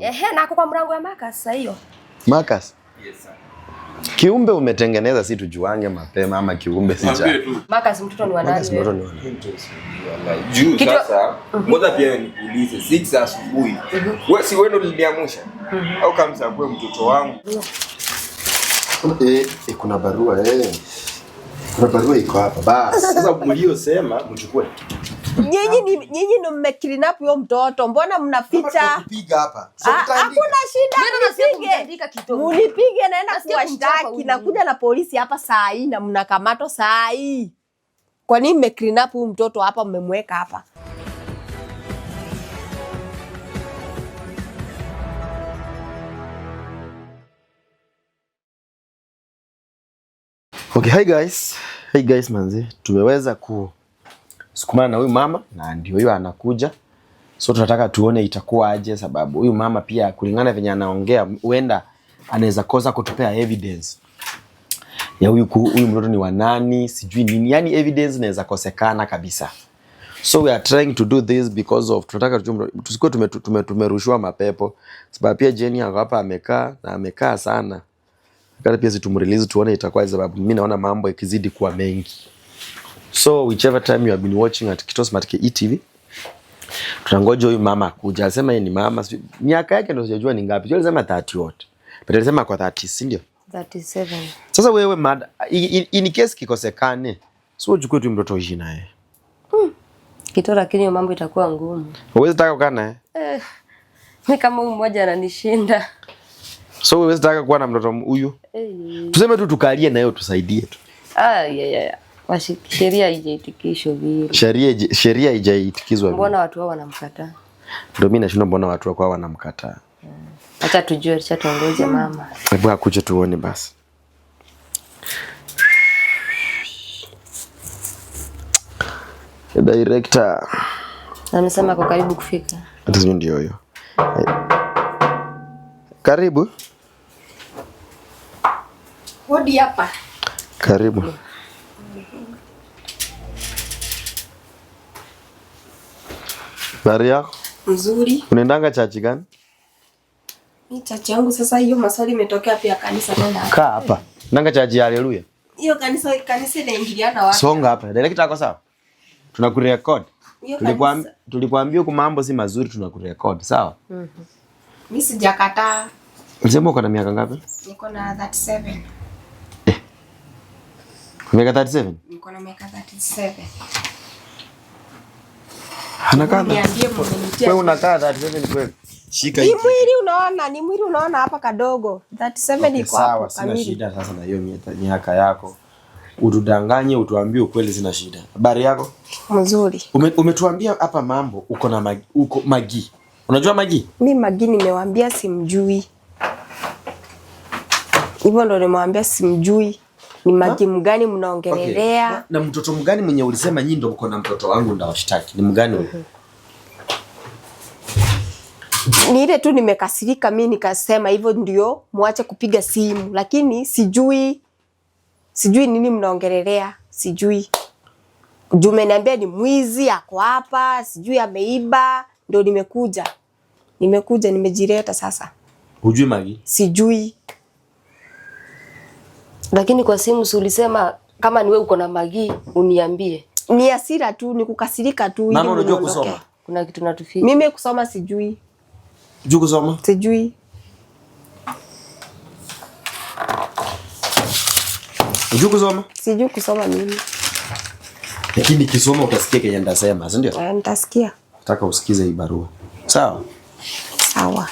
Ehe, nako kwa mlango ya Marcus sasa hiyo. Marcus? Yes sir. Kiumbe umetengeneza si tujuange mapema ama kiumbe si cha. Marcus mtoto ni wa nani? Mtoto ni wa nani? Juu sasa, mhm. ngoja pia nikuulize 6 asubuhi. Mhm. Wewe si wewe ndio uliniamusha? Mhm. Au kamsa kwa mtoto wangu? Eh, eh, kuna barua eh barua iko hapa. Basi sasa mliosema mchukue. Nyinyi nyinyi ndio mmekidnap huyo mtoto. Mbona mnaficha? Mnapiga ah, Hakuna shida. Yaani Mnipige. naenda kuwashtaki na kuja na polisi hapa saa hii na mnakamato saa hii. Kwa nini mmekidnap huyu mtoto hapa mmemweka hapa? Okay, hi guys. Hi guys manzi, tumeweza kusukumana na huyu mama na ndio huyo anakuja, so tunataka tuone itakuwa aje, sababu huyu mama pia kulingana venye anaongea, huenda anaweza kosa kutupea evidence ya huyu huyu mtoto ni wa nani, sijui nini, Yaani evidence inaweza kosekana kabisa. So we are trying to do this because of tunataka tusikuwe tumerushwa tume, tume mapepo, sababu pia Jenny hapa amekaa na amekaa sana Kana pia zitumrelease tuone itakuwa sababu mimi naona mambo yakizidi kuwa mengi. So whichever time you have been watching at Kitos Smart Kitosmat e TV, tunangoja huyu mama kuja. Alisema yeye ni mama, miaka yake ndio sijajua ni ngapi. Yeye alisema 30 wote. But alisema kwa 30, si ndio? 37. Sasa wewe mad in case kikosekane, so uchukue tu mtoto uishi naye. Hmm. Kitora, lakini mambo itakuwa ngumu. Huwezi taka kukaa naye. Eh. Ni kama mmoja ananishinda. So wewe unataka kuwa na mtoto huyu? Eh. Tuseme tu tukalie na yeye tusaidie tu. Ah, yeah, yeah. Washi, Sheria haijahitikishwa vile. Sheria sheria haijaitikizwa vile. Mbona watu wao wanamkataa? Ndio mimi nashindwa mbona watu wao wanamkataa? Hmm. Acha tujue, acha tuongoze mama. Hebu akuje tuone basi. Director. Amesema kwa karibu kufika. Ndio hiyo. Eh. Karibu. Hodi hapa. Karibu. Bari yako? Nzuri. Unaendanga chachi gani? Ni chachi yangu sasa hiyo maswali imetokea pia kanisa tena. Kaa hapa. Nanga chachi ya haleluya. Hiyo kanisa kanisa inaingiliana wapi? Songa hapa. Direct yako sawa? Tunakurekodi. Tulikwambia tulikwambia huko mambo si mazuri tunakurekodi, sawa? Mhm. Mm. Mimi sijakataa. Unasema uko na miaka ngapi? Niko na 37. Miaka 37? Niko na miaka 37. Anakaa. Wewe una unakaa 37 kweli? Shika hii. Ni mwili unaona, ni mwili unaona hapa kadogo. 37 iko hapo. Sawa, sina shida sasa na hiyo miaka yako. Utudanganye, utuambie ukweli, zina shida. Habari yako? Mzuri. Ume, umetuambia hapa mambo uko na magi, uko magi. Unajua magi? Mi magi nimewambia simjui. Hivyo ndo nimewambia simjui ni majimu mgani mnaongelelea? Okay. Na, mtoto mgani mwenye ulisema nyinyi ndio mko na mtoto wangu ndawashtaki ni mgani huyo? Mm-hmm. Ni ile tu nimekasirika mimi nikasema hivyo ndio mwache kupiga simu, lakini sijui sijui nini mnaongelelea, sijui jume umeniambia ni mwizi ako hapa, sijui ameiba, ndio nimekuja nimekuja nimejileta sasa. Hujui Magi? Sijui. Lakini kwa simu si ulisema kama ni wewe uko na magii uniambie. Ni hasira tu, ni kukasirika tu. Mama, unajua kusoma? Kuna kitu natufika. Mimi kusoma sijui. Juu kusoma? Sijui. Unajua kusoma? Sijui kusoma mimi. Lakini kisoma utasikia kenye ndasema, si ndio? Eh, nitasikia. Nataka usikize hii barua. Sawa? Sawa.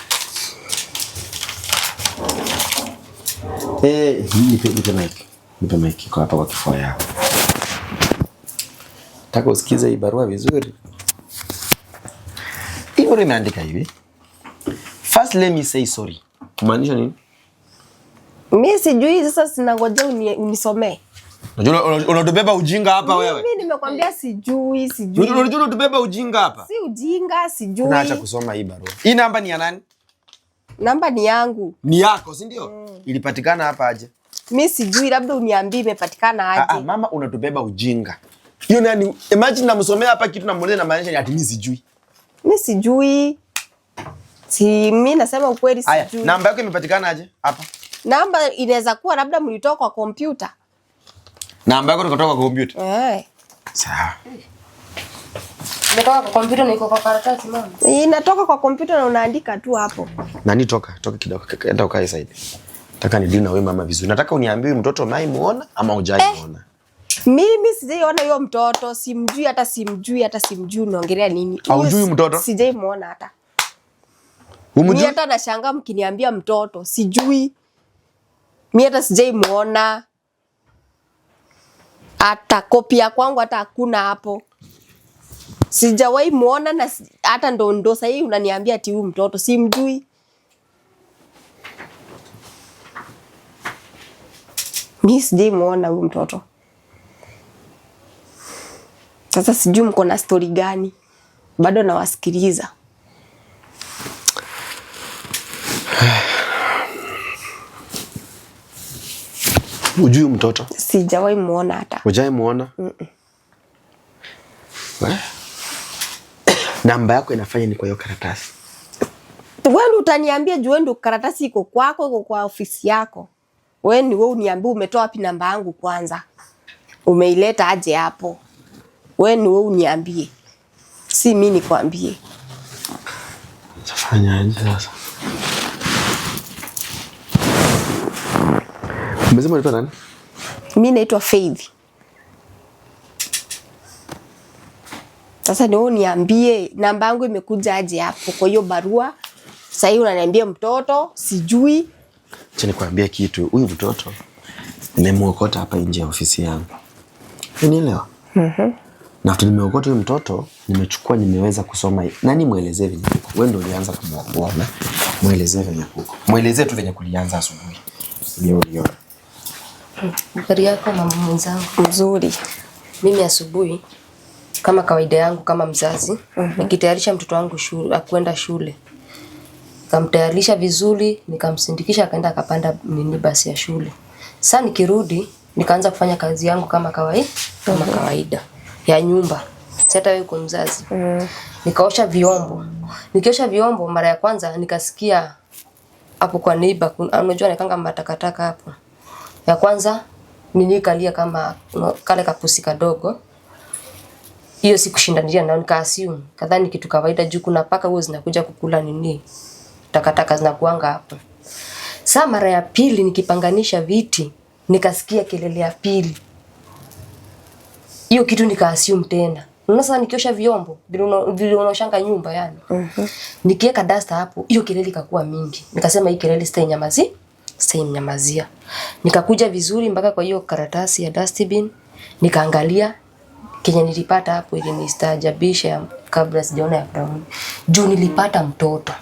Eh, nipe nipe mic. Nipe mic kwa hapa kwa kifua yao. Nataka usikize hii barua vizuri. Hii barua imeandika hivi. First let me say sorry. Kumaanisha nini? Mimi sijui sasa, sinangojea unisomee. Unajua unatubeba ujinga hapa wewe. Mimi nimekwambia sijui, sijui. Unajua unatubeba ujinga hapa. Si ujinga, sijui. Naacha kusoma hii barua. Hii namba ni ya nani? Namba ni yangu. Ni yako, si ndio? Mm. Ilipatikana hapa aje? Mimi sijui, labda uniambie imepatikana ah, ah, aje. Ah, mama unatubeba ujinga. Hiyo nani? Imagine namsomea hapa kitu namueleza na maanisha ni ati mimi sijui. Mimi sijui. Si mimi nasema ukweli sijui. Aya, namba yako imepatikana aje hapa? Namba inaweza kuwa labda mlitoka kwa kompyuta. Namba yako kutoka kwa kompyuta? Eh. Sawa. Kwa kompyuta na iko kwa karatasi mama. Inatoka kwa kompyuta na unaandika tu hapo. Nani toka? Toka kidogo. Enda ukae side. Nataka ni deal na wewe mama vizuri. Nataka uniambie mtoto mai muona ama hujai eh! muona? Eh, mimi sijaiona hiyo mtoto, simjui hata simjui hata simjui unaongelea nini? Haujui mtoto? Sijai muona hata. Umjui? Hata nashangaa mkiniambia mtoto, sijui. Mimi hata sijai muona. Hata kopia kwangu hata hakuna hapo sijawahi muona na hata ndo ndo sasa unaniambia ati huyu mtoto simjui. Mi sijai muona huyu mtoto. Sasa sijui mko na stori gani, bado nawasikiliza. Ujui mtoto? Sijawahi muona hata. Ujai muona? Mm -mm. Eh? namba yako inafanya ni kwa hiyo karatasi. Wewe utaniambia juu ndio karatasi iko kwako, iko kwa ofisi yako. Wewe ni wewe uniambie umetoa wapi namba yangu kwanza? Umeileta aje hapo? Wewe ni wewe uniambie. Si mimi nikwambie. Tafanya aje sasa? Umesema unaitwa nani? Mimi naitwa Faith. Sasa ndio niambie namba yangu imekuja aje hapo kwa hiyo barua. Sasa unaniambia mtoto sijui. Acha nikwambie kitu, huyu mtoto nimemuokota hapa nje ya ofisi yangu. Unielewa? Mhm. Mm na nimeokota huyu mtoto nimechukua, nimeweza kusoma nani, mwelezee vile kuko wewe, ndio ulianza kumuona. Mwelezee vile kuko, mwelezee tu venye kulianza asubuhi, ndio ndio. habari yako mama mwenzangu. Mzuri, mimi asubuhi kama kawaida yangu kama mzazi uh mhm. -huh. nikitayarisha mtoto wangu shule, akwenda shule nikamtayarisha vizuri, nikamsindikisha akaenda akapanda nini basi ya shule. Sasa nikirudi nikaanza kufanya kazi yangu kama kawaida, kama uh mhm. -huh. kawaida ya nyumba. Si hata wewe mzazi uh mhm. -huh. nikaosha vyombo, nikiosha vyombo mara ya kwanza nikasikia hapo kwa neighbor unajua nikanga matakataka hapo ya kwanza nini kalia kama kale kapusi kadogo hiyo si kushindania nao, nikaassume kadhani kitu kawaida juu kuna paka huo zinakuja kukula nini takataka zinakuanga hapo. Saa mara ya pili nikipanganisha viti nikasikia kelele ya pili, hiyo kitu nikaassume tena. Unaona, sasa nikiosha vyombo vile unaoshanga nyumba yani. mm -hmm. Nikiweka dasta hapo, hiyo kelele ikakuwa mingi, nikasema hii kelele nyamazi, sitainyamazi nyamazia. Nikakuja vizuri mpaka kwa hiyo karatasi ya dustbin nikaangalia Kenye nilipata hapo ili nistaajabisha kabla sijaona ya Brown. Juu nilipata mtoto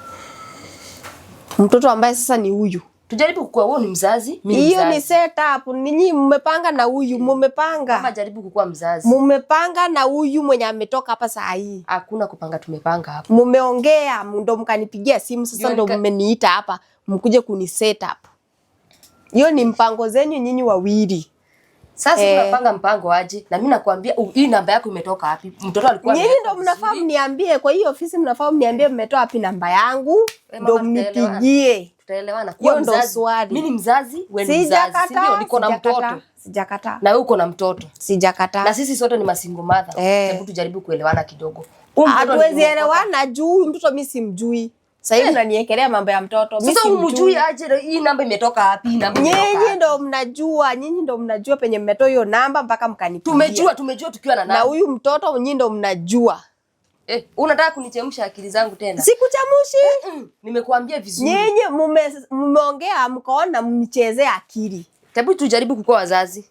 mtoto ambaye sasa ni huyu. Tujaribu kukua, wewe ni mzazi, mimi mzazi. Hiyo ni setup. Ninyi mmepanga na huyu, mmepanga. Kama jaribu kukua mzazi. Mmepanga na huyu mwenye ametoka hapa saa hii. Hakuna kupanga, tumepanga hapa. Mmeongea, ndo mkanipigia simu sasa ndo mmeniita hapa, mkuje kuni setup. Hiyo ni mpango zenyu nyinyi wawili. Sasa eh, tunapanga mpango aje na mimi nakwambia hii namba yako imetoka wapi? Mtoto alikuwa Nyinyi ndio mnafaa mniambie kwa hiyo ofisi mnafaa mniambie mmetoa wapi namba yangu eh, ndio mnipigie. Tutaelewana. Hiyo ndio swali. Mimi ni mzazi, wewe ni mzazi. Sio niko na mtoto. Sijakataa. Na wewe uko na mtoto. Sijakataa. Na sisi sote ni masingo mother. Eh. Hebu eh, tujaribu kuelewana kidogo. Ah, hatuwezi elewana juu mtoto mimi simjui. Sasa hivi eh. mnaniekelea mambo ya mtoto. Sasa umjui aje hii namba imetoka wapi? Namba nyinyi ndo mnajua, nyinyi ndo mnajua penye mmetoa hiyo namba mpaka mkanipigia. Tumejua, tumejua tukiwa na namba. Na huyu mtoto nyinyi ndo mnajua. Eh, unataka kunichemsha akili zangu tena? Sikuchamushi. Mm mm, nimekuambia vizuri. Nyinyi mmeongea mkaona mnichezee akili. Tabu tujaribu kukua wazazi.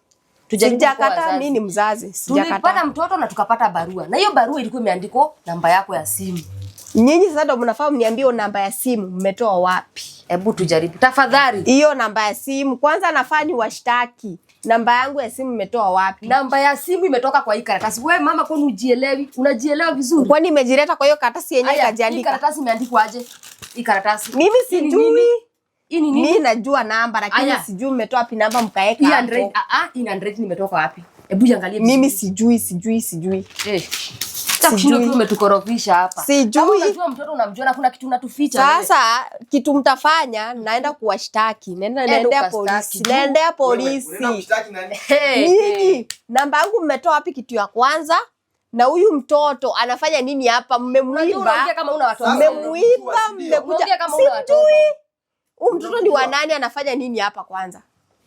Sijakataa, mimi ni mzazi. Sijakataa. Tulipata mtoto na tukapata barua. Na hiyo barua ilikuwa imeandikwa namba yako ya simu. Nyinyi sasa ndio mnafaa mniambie namba ya simu mmetoa wapi? Hebu tujaribu tafadhali. Hiyo namba ya simu kwanza, nafaa ni washtaki. Namba yangu ya simu imetoa wapi? Namba ya simu imetoka kwa hii karatasi. Wewe mama, kwani ujielewi? Unajielewa vizuri? Kwani imejileta kwa hiyo karatasi yenyewe ikajiandika? Hii karatasi imeandikwa aje? Hii karatasi. Mimi sijui. Mimi najua namba lakini sijui mmetoa wapi namba mkaeka hapo. Hii 100 ah ah, 100 nimetoka wapi? Hebu angalia. Mimi sijui, sijui, sijui. Eh umetukorofisha hapa. Sijui. Unajua mtoto unamjua kuna kitu unatuficha. Sasa kitu mtafanya naenda kuwashtaki. Naenda yaani naendea polisi. Naendea polisi. Nini? Namba yangu mmetoa wapi kitu ya kwanza? Na huyu mtoto anafanya nini hapa? Mmemwiba. Mmemwiba, mmekuja. Sijui. Huyu mtoto ni wa nani anafanya nini hapa kwanza?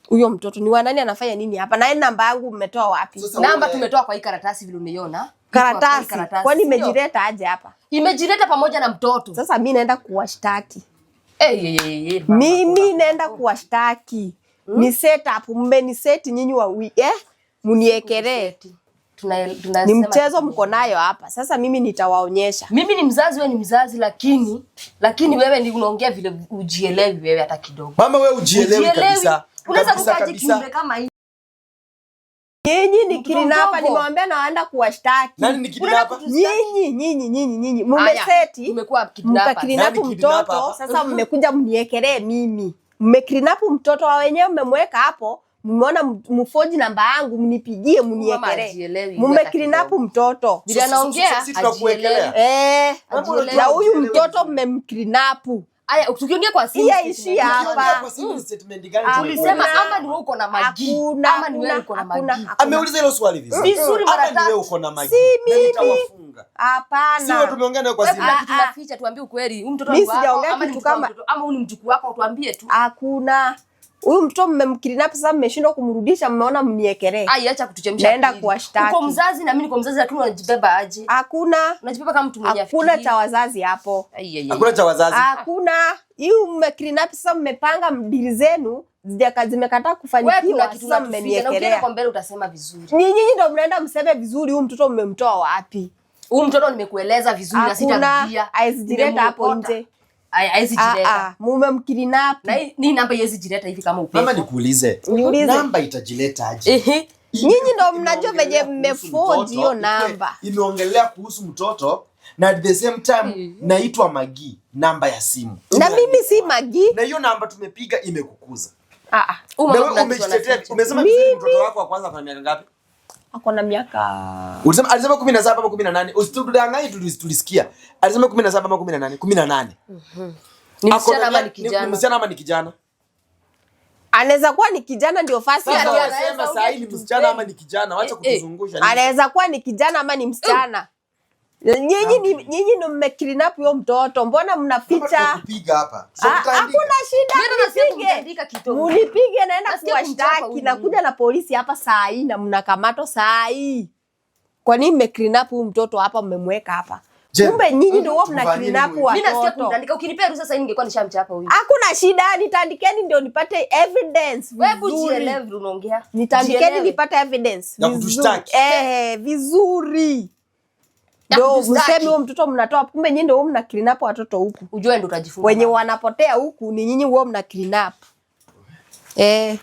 Huyo mtoto ni wa nani anafanya nini hapa? Na namba yangu mmetoa wapi? Namba tumetoa kwa hii karatasi vile umeiona karatasi. Kwani imejileta aje hapa? Imejileta pamoja na mtoto. Sasa eh, mi naenda kuwashtaki mimi naenda kuwashtaki hmm? Ni setup mmeni seti nyinyi wawi eh? Muniekelee, ni mchezo mko nayo hapa sasa. Mimi nitawaonyesha. Mimi ni mzazi, wewe ni mzazi, lakini lakini wewe ni unaongea vile ujielewi wewe hata kidogo. Mama wewe ujielewi kabisa. Unaweza kukaje kimbe kama hii? Nyinyi ni kirinapa, nimewambia na waenda kuwashtaki. Nani ni kirinapa? Nyinyi nyinyi nyinyi nyinyi mumeseti mkakininapu mtoto, sasa mmekuja mniekelee mimi. Mmekirinapu mtoto wa wenyewe, mmemweka hapo, mmeona mfoji namba yangu, mnipigie mniekelee. Mmekirinapu mtoto eh, na huyu mtoto mmemkirinapu Aya, tukiongea kwa simu. sisi yaishia hapa. Mm. Ah, tulisema ama ni wewe uko na magi, ama ni wewe uko na magi. Ameuliza hilo swali vizuri mm. mara tatu. Ni wewe uko na magi na nitawafunga. Hapana, sio tumeongea nayo kwa simu. siri, tunaficha. Ah, ah. Tuambie ukweli, huyu mtoto wangu. ni kama. ama huyu ni mjukuu wako? Tuambie tu, hakuna huyu mtoto mmemkidnap sasa, mmeshindwa kumrudisha, mmeona mniekelee. Ai, acha kutuchemsha. Naenda kuwashtaki. Uko mzazi na mimi niko mzazi, lakini unajibeba aje? Hakuna. Unajibeba kama mtu mwenye akili. Hakuna cha wazazi hapo. Hakuna cha wazazi. Hakuna. Hiyo mmekidnap sasa, mmepanga mdili zenu zimekataa kufanikiwa, sasa mmeniekelea. Kwa mbele utasema vizuri. Ni nyinyi ndio mnaenda mseme vizuri, huyu mtoto mmemtoa wapi? Huyu mtoto nimekueleza vizuri na sitarudia. Aisdireta hapo nje. Ah, ah. mume nikuulize. Namba itajileta Nyinyi ndo mnajua venye mmeford hiyo namba. Imeongelea kuhusu mtoto na at the same time mm Naitwa Magi, namba ya simu na mimi si Magi, na hiyo namba tumepiga imekukuza. Ah ah, umejitetea umesema mtoto wako wa kwanza kwa miaka ngapi? Ako na miaka ulisema, alisema 17 ama 18, usitudanganye, tulisikia alisema 17 ama 18, 18. Mhm, ni msichana ama ni kijana? Ni msichana ama ni kijana? Anaweza kuwa ni kijana ndio fasi anasema sasa, ni msichana ama ni kijana? Acha eh, eh. kutuzungusha. Anaweza kuwa ni kijana ama ni msichana Nyinyi ni nyinyi ndio huyo mtoto, mbona mnaficha? Kupiga ah, hakuna shida, yaani mnipige munipige, naenda kuwashtaki, nakuja na polisi hapa saa hii na mnakamatwa saa hii. Kwa nini mmeclean up huyu mtoto hapa, mmemweka hapa? Kumbe nyinyi ndio huwa mna clean up huyu. Hakuna shida, nitaandikeni ndio nipate evidence vizuri, Nitaandikeni nipate evidence vizuri ndo mseme huo mtoto mnatoa, kumbe nyinyi ndio mna clean up watoto huku. Ujue ndo utajifunza wenye wanapotea huku ni nyinyi, huo mna clean up eh.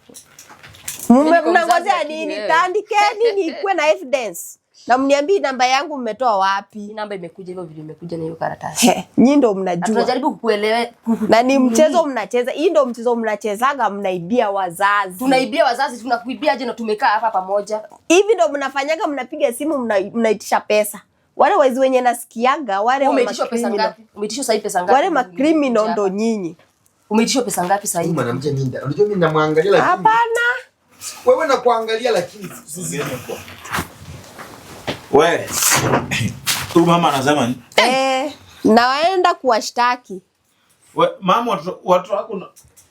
Yaani Mume Mnangozea nini? Taandikeni nikuwe na evidence na mniambie namba yangu mmetoa wapi? Namba imekuja hivyo, video imekuja na hiyo karatasi. Nyinyi ndio mnajua. Tunajaribu kukuelewa. Na ni mchezo mnacheza. Hii ndio mchezo mnachezaga, mnaibia wazazi. Tunaibia wazazi, tunakuibia aje na tumekaa hapa pamoja. Hivi ndio mnafanyaga, mnapiga simu mnaitisha pesa wale wezi wenye nasikiaga wale umeitishwa pesa ngapi? Umeitishwa sahi pesa ngapi? Wale makrimino ndo nyinyi. Umeitishwa pesa ngapi sahi? Mwanamke ninda, unajua mimi namwangalia lakini. Hapana. Wewe na kuangalia lakini sisi. Wewe. Tu mama anazama ni? Eh, naenda kuwashtaki. Wewe mama watoto wako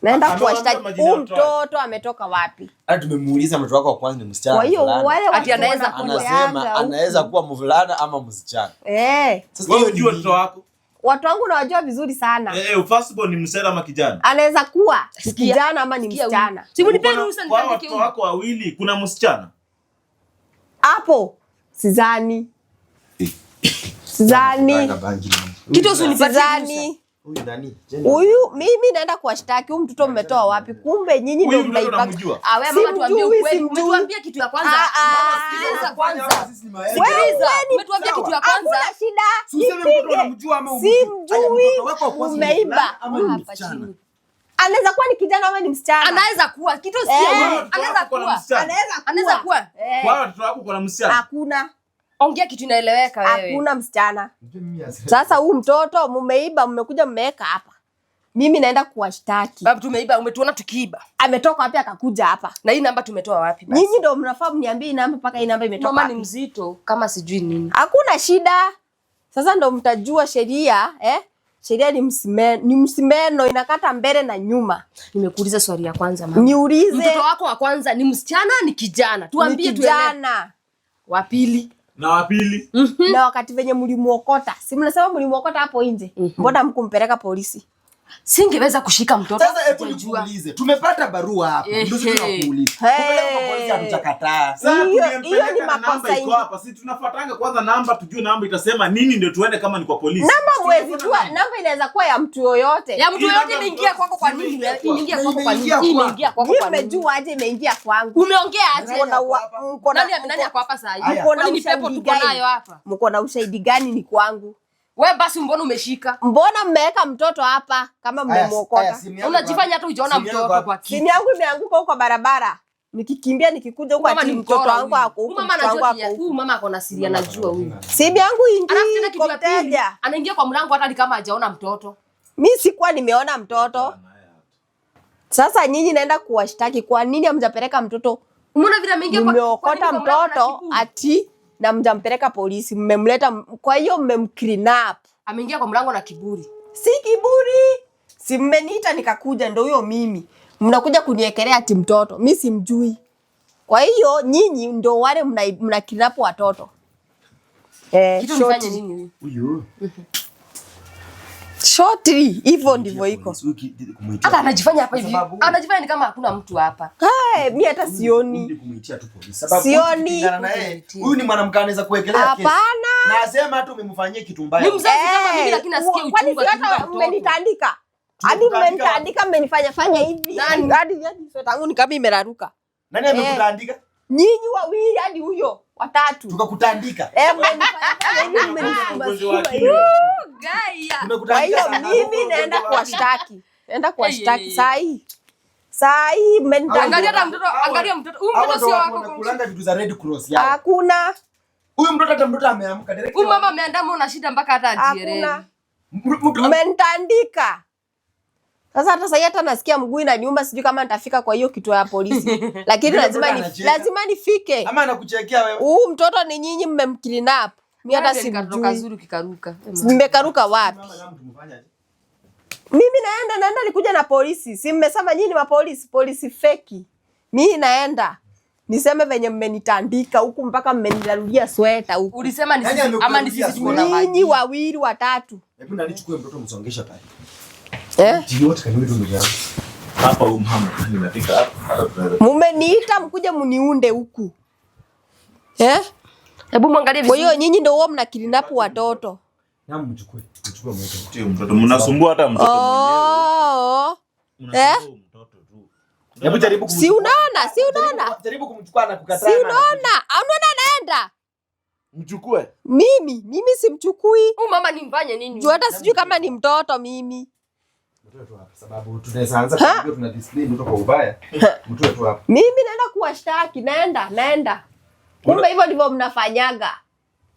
naenda kuwashtaki huu mtoto ametoka wapi? Hata tumemuuliza mtoto wako wa kwanza ni msichana. Kwa hiyo wale ati anaweza anasema anaweza kuwa mvulana ama msichana. Eh. Sasa wewe unajua mtoto wako? Watu wangu nawajua vizuri sana. Eh, possible eh, ni msichana ama kijana? Anaweza kuwa kijana ama ni msichana. Si nipe ruhusa nitaki. Kwa watu wako wawili kuna msichana? Hapo sidhani. Eh. Sidhani. Kitu usinipatie ruhusa. Huyu mimi naenda kuwashtaki. Huyu mtoto mmetoa wapi? Kumbe nyinyi ndio mnaipaka. Ah, wewe mama tuambie ukweli. Umetuambia kitu ya kwanza. Ah, ah. Sikiliza kwanza. Sikiliza. Umetuambia kitu ya kwanza. Hakuna shida. Simjui. Umeiba. Ah, hapa chini. Anaweza kuwa ni kijana ama ni msichana. Anaweza kuwa. Kitu sio. Eh. Anaweza kuwa. Anaweza kuwa. Eh. Kwa watoto wako kuna msichana? Hakuna. Ongea kitu inaeleweka wewe. Hakuna msichana. Sasa huu mtoto mumeiba, mmekuja mmeweka hapa. Mimi naenda kuwashtaki. Babu, tumeiba, umetuona tukiiba. Ametoka wapi akakuja hapa? Na hii namba tumetoa wapi basi? Nyinyi ndio mnafaa mniambie namba mpaka hii namba imetoka. Mama ni mzito kama sijui nini. Hakuna shida. Sasa ndio mtajua sheria, eh? Sheria ni msimeno, ni msimeno inakata mbele na nyuma. Nimekuuliza swali ya kwanza mama. Niulize. Mtoto wako wa kwanza ni msichana ni kijana? Tuambie tu. Kijana. Wa pili na wa pili mhm. na wakati venye mlimuokota, si mnasema mlimuokota hapo nje, mhm. mbona mkumpeleka polisi? Singeweza kushika mtoto. Sasa hebu nikuulize, tumepata barua hapa. Ndio sisi tunakuuliza. Kwa Kupeleka kwa polisi hatutakataa. Sasa tumempeleka na namba iko hapa. Sisi tunafuatanga kwanza namba tujue namba itasema nini ndio tuende kama ni kwa polisi. Namba huwezi jua, namba inaweza kuwa ya mtu yoyote. Ya mtu yoyote imeingia kwako kwa nini? Imeingia kwako kwa nini? Imeingia kwako kwa nini? Umejua aje imeingia kwangu? Umeongea aje? na Nani nani ako hapa sasa hivi? Ni pepo tuko nayo hapa. Mko na ushahidi gani ni kwangu? We basi mbona umeshika? Mbona mmeweka mtoto hapa kama mmemwokota? Unajifanya hata hujaona mtoto kwa kiti. Simu yangu imeanguka huko barabara. Nikikimbia nikikuja huko ati mtoto wangu ako huko. Mama anajua huyu mama ako na siri anajua huyu. Simu yangu ingi. Alafu ingii kwa mteja. Anaingia kwa mlango hata kama hajaona mtoto. Mimi sikuwa nimeona mtoto. Sasa nyinyi naenda kuwashtaki kwa nini hamjapeleka mtoto? Umeona vile ameingia kwa mtoto ati na mjampeleka polisi, mmemleta. Kwa hiyo mmemkidnap. Ameingia kwa mlango na kiburi. Si kiburi, si mmeniita nikakuja, ndo huyo mimi. Mnakuja kuniekelea ati mtoto, mi simjui. Kwa hiyo nyinyi ndo wale mna, mna kidnap watoto eh, Shortly hivyo ndivyo iko. Hata anajifanya hapa hivi. Anajifanya ni kama hakuna mtu hapa. Hai, mimi hata sioni. Sioni. Huyu ni mwanamke anaweza kuwekelea kesi. Hapana. Nasema tu umemfanyia kitu mbaya. Ni mzazi kama eh, mimi lakini nasikia uchungu hata umenitandika. Hadi umenitandika mmenifanya fanya hivi. Hadi hadi sio tangu ni kama imeraruka. Nani amekutandika? Eh, nyinyi wawili hadi huyo watatu tukakutandika. Kwa hiyo mimi naenda kuwashtaki, naenda kuwashtaki saa hii saa hii hakuna huyu mtoto, hata mtoto ameamka, mama ameandama, una shida mpaka hata ajielewe, mmentandika sasa hata sasa hata nasikia mguu inaniuma, sijui kama nitafika kwa hiyo kituo ya polisi. Lakini lazima ni, lazima nifike. Ama anakuchekea wewe. Huu mtoto ni nyinyi mmemkidnap. Mimi hata simjui. Nimekaruka wapi? Mimi naenda naenda nikuja na polisi. Si mmesema nyinyi wa polisi, polisi feki. Mimi naenda. Niseme venye mmenitandika huku mpaka mmenilarudia sweta huku. Ulisema ni yaani ama ni sisi tuko na Nyinyi wawili watatu. Hebu na nichukue mtoto msongesha pale. Eh? Mumeniita mkuja muniunde huku eh? Hebu mwangalie vizuri. Kwa hiyo nyinyi ndio huwa mnakidnap watoto. Oh, oh. Eh? Si unaona, si unaona. Si ah, unaona, anaenda. Mchukue. Mimi, mimi simchukui. Huyu mama nimfanye nini? Juu hata sijui kama ni mtoto mimi. Mimi naenda kuwashtaki, naenda naenda. Kumbe hivyo ndivyo mnafanyaga,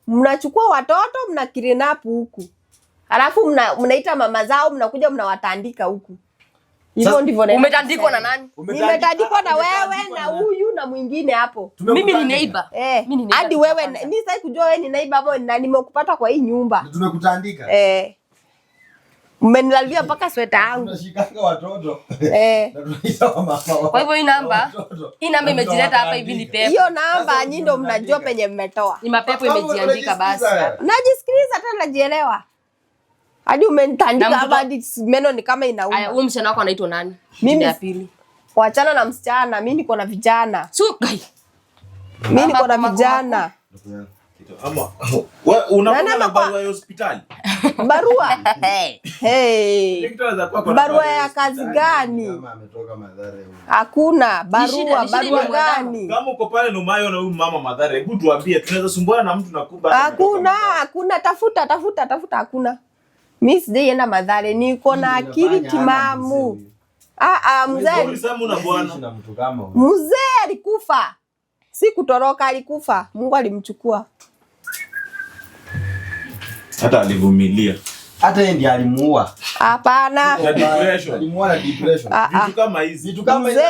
mnachukua watoto mna mnakirinapu huku alafu mnaita mama zao mnakuja mnawatandika huku. Hivyo ndivyo umetandikwa na nani? Nimetandikwa na wewe na huyu na mwingine hapo. Mimi ni eh, hadi wewe, mi sai kujua wewe ni neiba nimekupata kwa hii nyumba. Tumekutandika eh mmenilalia mpaka sweta yangu. Eh. Kwa hivyo hii namba hii namba imejileta hapa hivi, ni pepo hiyo namba. Nyinyi ndio mnajua penye mmetoa, ni mapepo imejiandika. Basi najisikiliza tena, najielewa hadi umenitandika hapa, hadi meno ni kama inauma. Aya, huyu msichana wako anaitwa nani? Mimi ya pili. Wachana na msichana, mimi niko na vijana. Sukai. Mimi niko na vijana. Ama wewe na barua ya hospitali barua barua ya kazi yaani, gani? Hakuna barua. Barua gani? Kama uko pale Numayo na huyu mama hebu tuambie, tunaweza na mtu Hakuna, hakuna. Tafuta, tafuta, tafuta, hakuna. Mimi sijaienda madhare, niko na akili timamu. Ah, ah, mzee alikufa, si kutoroka, alikufa. Mungu alimchukua. Hata alivumilia. Hata yeye ndiye alimuua. Hapana. Alimuua na depression. Ah, ah. Vitu kama hizi. Vitu kama hizi.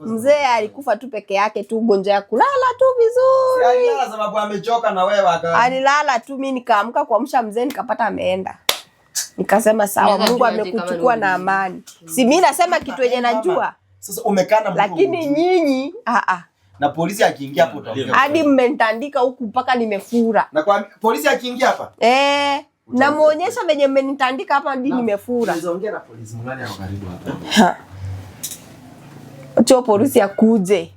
Mzee alikufa tu peke yake tu ugonjwa ya kulala tu vizuri. Si alilala sababu amechoka na wewe akawa. Alilala tu mimi nikaamka kuamsha mzee nikapata ameenda. Nikasema sawa, Mungu amekuchukua na amani. Si mimi nasema kitu yenye najua. Sasa umekana na Mungu. Lakini nyinyi a ah, a na polisi akiingia hapo utaongea. Hadi mmenitandika huku mpaka nimefura. Na kwa polisi akiingia hapa? Eh. Namuonyesha venye mmenitandika hapa hadi nimefura. Nizaongea na polisi mgani ako karibu hapa? Cho polisi akuje.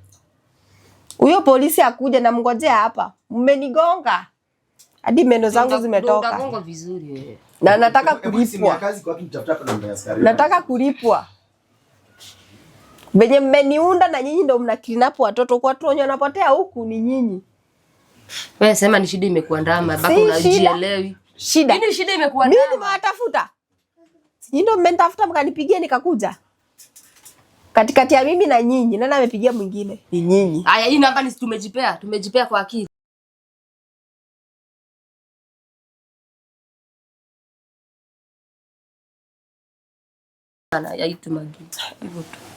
Huyo polisi akuje na mngojea hapa. Mmenigonga. Hadi meno zangu zimetoka. Na nataka kulipwa. Nataka kulipwa venye mmeniunda na nyinyi ndo mna watoto, kwa watu napotea huku ni nyinyi. Wewe sema ni shida imekuandama, baba unajielewi. Shida. Nini shida imekuandama? Mimi nimewatafuta. Nyinyi ndo mmenitafuta mkanipigia nikakuja. Katikati ya mimi na nyinyi, nani amepigia mwingine? Ni nyinyi. Aya, hii namba ni tumejipea, tumejipea kwa akili. sana ya itu maagizo.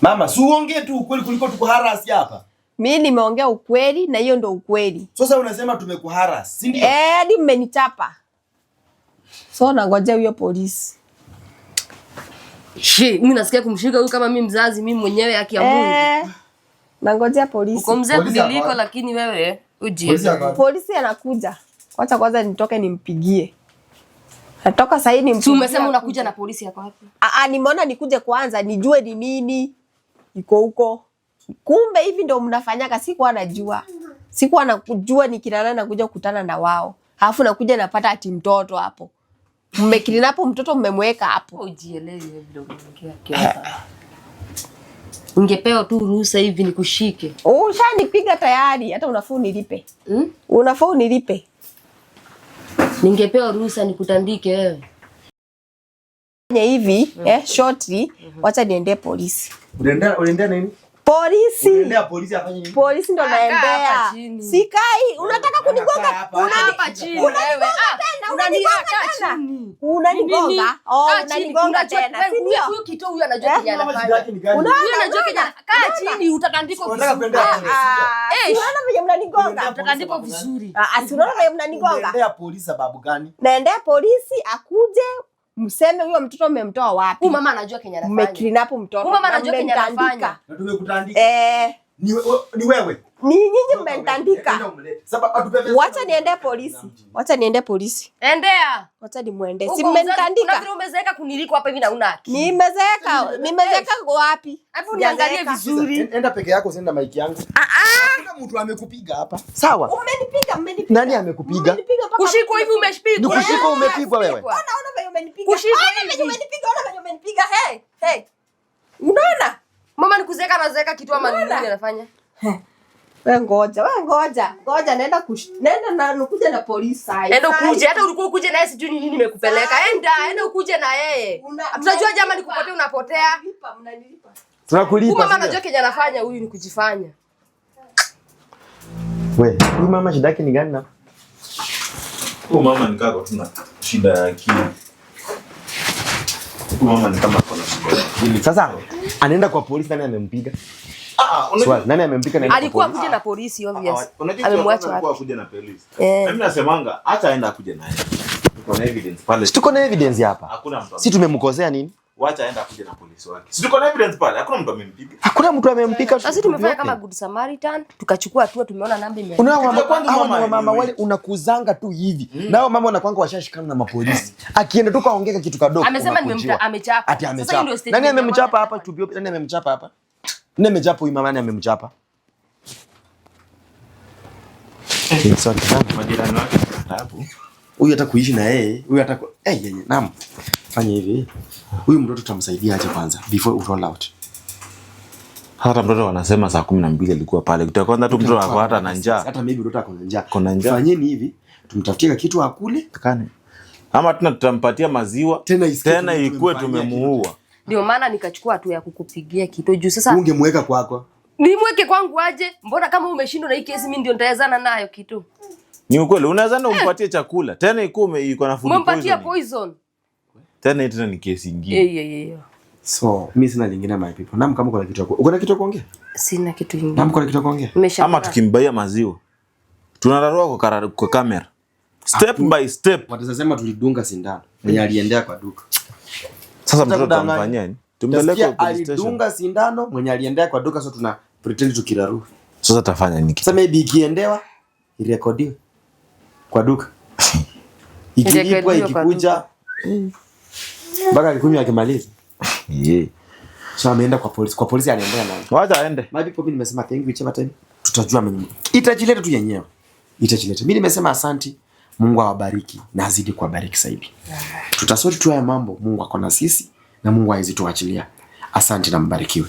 Mama, si uongee tu ukweli kuliko tukuharasi hapa. Mimi nimeongea ukweli na hiyo ndo ukweli. Sasa unasema tumekuharasi, si ndio? Eh, hadi mmenitapa. So nangoja huyo polisi. Shi, mimi nasikia kumshika huyu kama mimi mzazi mimi mwenyewe haki ya Mungu. Eh. Nangojea polisi. Uko mzee kuliko lakini wewe uje. Polisi anakuja. Wacha kwanza nitoke nimpigie. Natoka sasa ni mtu. Umesema unakuja na polisi yako wapi? Ah, ah, nimeona nikuje kwanza nijue ni nini iko huko. Kumbe hivi ndio mnafanyaga, sikuwa najua. Sikuwa ni nikilala na kuja kukutana na wao. Alafu nakuja napata ati mtoto hapo. Mmekilina hapo mtoto mmemweka hapo. Ujielewe ndio unaongea kiasi. Ungepewa tu ruhusa hivi nikushike. Ushanipiga tayari, hata unafaa unilipe. Mm? Unafaa unilipe. Ningepewa ruhusa nikutandike wewe hivi Eh, shortly mhm. Wacha niende polisi. Unaenda unaenda nini? Polisi. unaendea Polisi, polisi ndo naendea. Sikai, unataka kunigonga? hapa chini, wewe ah, Unanigonga chini, Unanigonga? Oh, unanigonga tena. Si ndio? Huyu kito huyu anajua eh? kijana pale. Anajua kijana. Kaa chini utakandiko vizuri. Ah, ah, eh, unaona vile mnanigonga? Utakandiko vizuri. Ah, si unaona vile mnanigonga? Naendea polisi sababu gani? Naendea polisi akuje mseme huyo mtoto mmemtoa wapi? Huyu mama anajua Kenya anafanya. Mmeclean mtoto. Huyu mama anajua Kenya anafanya. Na tumekutandika. Eh. Ni wewe. Ni nyinyi mmentandika. Wacha niende polisi. Wacha niende polisi. Endea. Wacha ni muende. Si mmentandika. Unafikiri umezeeka kuniliko hapa hivi na una akili? Nimezeeka. Nimezeeka wapi? Hebu niangalie vizuri. Enda peke yako usiende na maiki yangu. Ah ah. Kuna mtu amekupiga hapa. Sawa. Umenipiga, umenipiga. Nani amekupiga? Kushiko hivi Ni Kushiko umepigwa wewe. Unaona vile umenipiga. Kushiko hivi umenipiga. Unaona vile umenipiga. Hey, hey. Unaona? Mama nikuzeeka nazeeka kitu ama nini anafanya? Eh. We ngoja, we ngoja, ngoja naenda kush... Naenda na nukuja na polisi sasa. Enda ukuje, hata ulikuwa ukuje yeye sijui nini nimekupeleka. Enda, enda ukuje na yeye. Tunajua jamaa nikupotea unapotea. mnalipa. Tunakulipa. Mama anajua kenye anafanya huyu ni kujifanya. We, huyu mama shida yake ni gani na? Huyu mama ni kako tuna shida ya akili. Huyu mama ni kama kuna shida. Sasa anaenda kwa polisi nani amempiga? Ah, nani amempika Alikuwa akuje na polisi obvious. Amemwacha ah, na polisi. Eh. Mimi nasemanga aenda naye. Tuko na evidence pale. Tuko na evidence hapa. Hakuna mtu. Si nini? Wacha aenda na polisi wake. Si tuko na evidence pale. Hakuna mtu amempiga. Hakuna mtu amempiga. Sasa tumefanya kama good Samaritan, tukachukua hatua, tumeona namba imeandikwa. mama wale unakuzanga tu hivi. Mm. Nao mama wanakuanga washashikana na mapolisi. Akienda tu kaongeka kitu kadogo. Amesema amechapa. Nani amemchapa hapa? Nani amemchapa hapa? Nne mejapa huyu mama amemjapa. Huyu hata kuishi na yeye, huyu hata eh yeye. Naam. Fanya hivi. Huyu mtoto tutamsaidia aje kwanza before we roll out. Hata mtoto wanasema saa kumi na mbili alikuwa pale. Kwanza tu mtoto wako hata na njaa. Hata maybe mtoto ako na njaa. Kuna njaa. Fanyeni hivi, tumtafutie kitu akule. Kakane. Ama tuna tutampatia maziwa tena, isikie tena ikue tumemuua. Ndio maana nikachukua hatua ya kukupigia kito juu sasa. Ungemweka kwako. Nimweke kwangu aje? Mbona kama umeshindwa na hii kesi mimi ndio nitaezana nayo kitu. Ni ukweli unaweza unawezana umpatie chakula. Tena iko iko na food poison. Umpatie poison. Tena tena ni kesi nyingine. Eh, yeah, yeah. So, mimi sina lingine my people. Naam, kama kuna kitu uko na kitu kuongea? Sina kitu kingine. Naam, kuna kitu kuongea? Ama tukimbaia maziwa. Tunararua kwa kamera. Step by step. Watasema tulidunga sindano. Yeye aliendea kwa duka. Sasa mtoto tutamfanyaje? Tumpeleke alidunga sindano mwenye aliendea kwa duka, so tuna pretend tukiraru. Sasa tafanya nini? Sasa maybe ikiendewa irekodiwe kwa duka ikilipwa ikikuja eh. mpaka alikunywa akimaliza. Yeah. Sasa ameenda kwa polisi. Kwa polisi anaendea naye. Wacha aende. Maybe kwa mimi nimesema thank you chama tena. Tutajua mimi. Itajileta tu yenyewe. Itajileta. Mimi nimesema asanti. Mungu awabariki na azidi kuwabariki zaidi. Tutasoti tu haya mambo, Mungu ako na sisi na Mungu hawezi tuachilia. Asante na mbarikiwe.